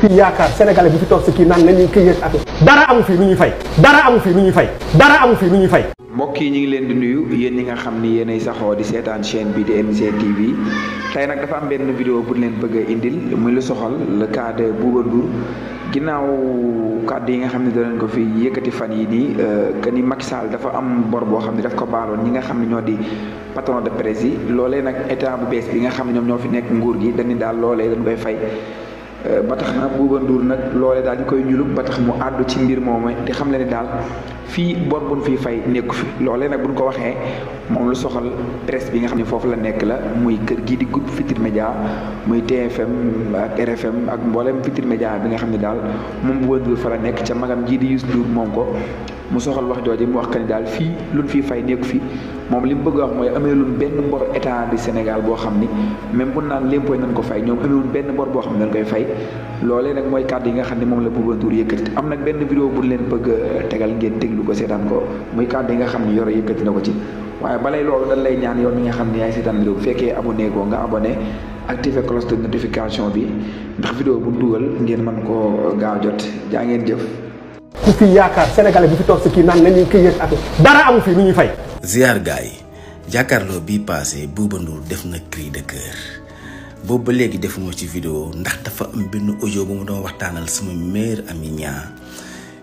bu yaakaar sénégalais bi fi toog si kii naan nañuy këyee ak dara amu fi lu ñuy fay dara amu fi lu ñuy fay dara amu fi lu ñuy mbokk yi ñu ngi leen di nuyu yéen ñi nga xam ni yéenay saxoo di seetaan chaîne bi di MC TV tey nag dafa am benn vidéo bu leen bëgg a indil muy lu soxal le cas bu Bouba Ndour ginnaaw kàddu yi nga xam ne danañ ko fi yëkkati fan yi nii euh, que ni Macky Sall dafa am bor boo xam ne daf ko baaloon ñi nga xam ne ñoo di patron de presse yi loole nag état bu bees bi nga xam ne ñoom ñoo fi nekk nguur gi dañu daal loolee dañ koy fay Euh, ba tax na Bouba Ndour nag loole daal di koy ñulub ba tax mu àddu ci mbir moom di xam le ne daal fii bor buñ fii fay nekku fi loolee nag buñ ko waxee moom lu soxal presse bi nga xam ne foofu la nekk la muy kër gii di groupe Futurs Médias muy TFM ak RFM ak mboolem Futurs Médias bi nga xam ne daal moom Bouba Ndour fa la nekk ca magam jii di Youssou Ndour moom ko mu soxal wax jooju mu wax que daal fii luñ fii fay nekk fi moom li mu bëgg wax mooy amee luñ benn mbor état du Sénégal boo xam ni même bu naan lémpoy nañ ko fay ñoom ameewuñ benn mbor boo xam ne dañ koy fay loolee nag mooy kàddu yi nga xam ne moom la Bouba Ndour yëkkati am nag benn vidéo bu leen bëgg tegal ngeen déglu ko seetaan ko muy kàddu yi nga xam ne yoro yëkkati na ko ci waaye balay loolu dañ lay ñaan yow mi nga xam ne yaay seetaan vidéo bu fekkee abonné ko nga abonné activé cloche de notification bi ndax vidéo bu dugal ngeen mën koo gaaw jot jaa ngeen jëf ku fi yaakaar sénégalais bu fi toog si kii naan nañuy kii ak dara amu fi lu ñuy fay. ziar gars jàkkaarloo bii passé Bouba Ndour def na cri de cœur boobu ba léegi defuma ci vidéo ndax dafa am benn audio bu ma doon waxtaanal sama meilleur ami ñaa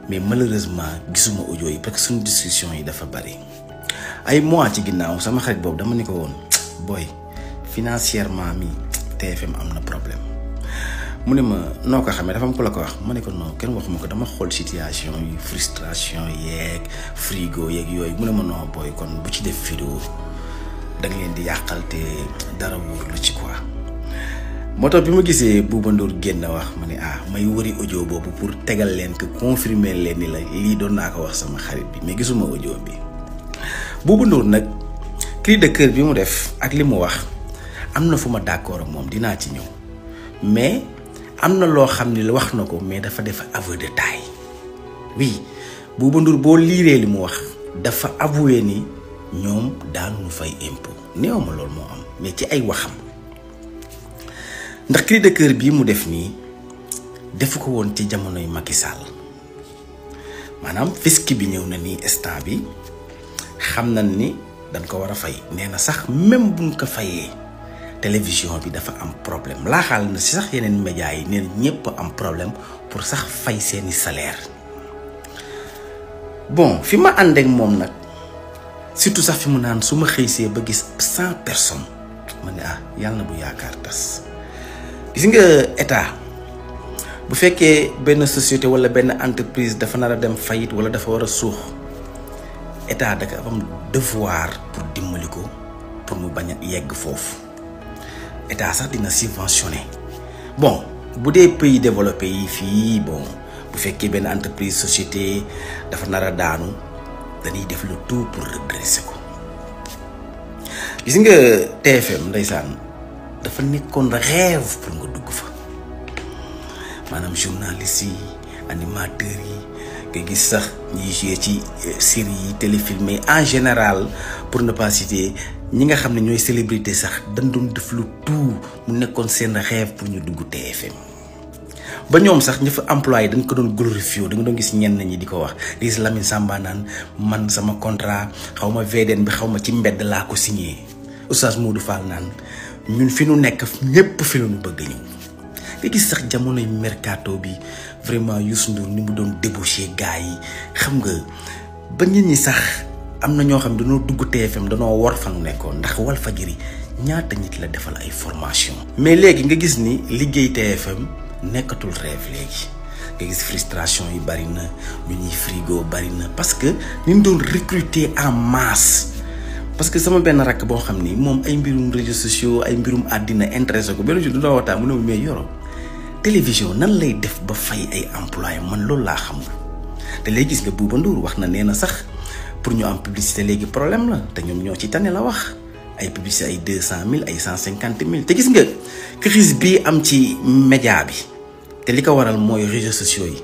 mais malheureusement gisuma audio yi parce que suñu discussion yi dafa bari ay mois ci ginnaaw sama xarit boobu dama ne ko woon booy financièrement mi TFM am na problème. mu ne ma noo ko xamee dafa am ku la ko wax ma ne ko non kenn waxuma ko dama xool situation yi frustration yeeg frigo yeeg yooyu mu ne ma noo booy kon bu ci def vidéo da leen di yàqal te dara wóor ci quoi. moo tax bi ma gisee Bouba Ndour génn wax ma ne ah may wari audio boobu pour tegal leen que confirmer leen ni la lii doon naa ko wax sama xarit bi mais gisuma audio bi Bouba nag cri de cœur bi mu def ak li mu wax am na fu ma d'accord ak moom dinaa ci ñëw am na loo xam ni wax na ko mais dafa def aveu de taille oui boo liiree li mu wax dafa avoué ni ñoom daanuñu fay impôt néew ma loolu moo am mais ci ay waxam ndax cri de bii mu def nii defu ko woon ci jamonoy Macky Sall maanaam fisc bi ñëw na nii instant bi xam nañ ni dañ ko war a fay nee na sax même buñ ko fayee. télévision bi dafa am problème laaxaal na si sax yeneen médias yi neen ñëpp am problème pour sax fay seeni salaire bon fi ma àndeek moom nag surtout sax fi mu naan su ma xëysee ba gis cent personnes ma ne ah yàlla na bu yaakaar tas gis nga état bu fekkee benn société wala benn entreprise dafa nar a dem fayit wala dafa war a suux état da am devoir pour dimmali ko pour mu bañ a yegg foofu état sax dina subventionné bon bu dee pays développé yi fii bon bu fekkee benn entreprise société dafa nar a daanu dañuy def le tout pour redresser ko gis nga TFM ndeysaan dafa nekkoon rêve pour nga dugg fa maanaam journaliste yi animateurs yi nga gis sax ñuy joué ci euh, série yi téléfilm yi en général pour ne ñi nga xam ne ñooy célébrité sax dañ doon def lu tout mu nekkoon seen rêve pour ñu dugg TFM ba ñoom sax ña fa employé dañ ko doon glorifié da nga doon gis ñenn ñi di ko wax di gis Lamine Samba naan man sama contrat xaw ma VDN bi xaw ma ci mbedd laa ko signé Oustaz Modou Fall naan ñun fi nu nekk ñëpp fi nu bëgg ñëw. nga gis sax jamonoy mercato bi vraiment Youssou Ndour ni mu doon débauché gars yi xam nga ba nit ñi sax am na ñoo xam ne dañoo dugg TFM dañoo war fa nekkoon ndax Walfadjri ñaata nit la defal ay formation mais léegi nga gis ni liggéey TFM nekkatul rêve léegi nga gis frustration yi bari na ñu ñuy frigo bari na parce que ni ñu doon recruter en masse parce que sama benn rakk boo xam ni moom ay mbirum réseaux sociaux ay mbirum àddina intéressé ko benn jour du la waxtaan mu ne mais yoro télévision nan lay def ba fay ay employé man loolu laa xam te léegi gis nga Bouba Ndour wax na nee na sax pour ñu am publicité léegi problème la te ñoom ñoo ci tane la wax ay publicité ay deux cent mille ay cent cinquante mille te gis nga crise bii am ci média bi te li ko waral mooy réseaux sociaux yi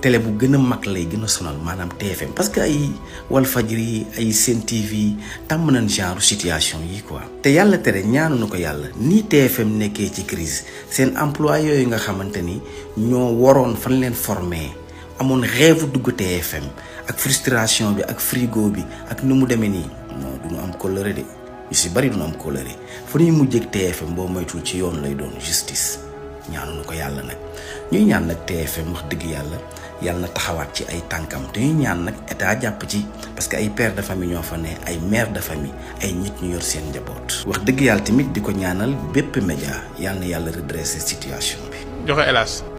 télé bu gën a mag lay gën a sonal maanaam TFM parce que ay Walfadjri ay Sen TV tàmm nañ genre situation yi quoi. te yàlla tere ñaanu na ko yàlla ni TFM nekkee ci crise seen emploi yooyu nga xamante ni ñoo waroon fan leen formé amoon rêve dugg TFM ak frustration bi ak frigo bi ak nu mu demee nii non du ñu am colère de ñu si bari du ñu am colère fu ñuy ci yoon lay doon justice ñaanu ko yàlla nag ñuy ñaan nag TFM wax dëgg yàlla. yàlla na taxawaat ci ay tànkam te ñu ñaan nag état jàpp ci parce que ay père de famille ñoo fa ne ay mère de famille ay nit ñu yor seen njaboot. wax dëgg yàlla tamit di ko ñaanal bépp média yàlla na yàlla redressé situation bi.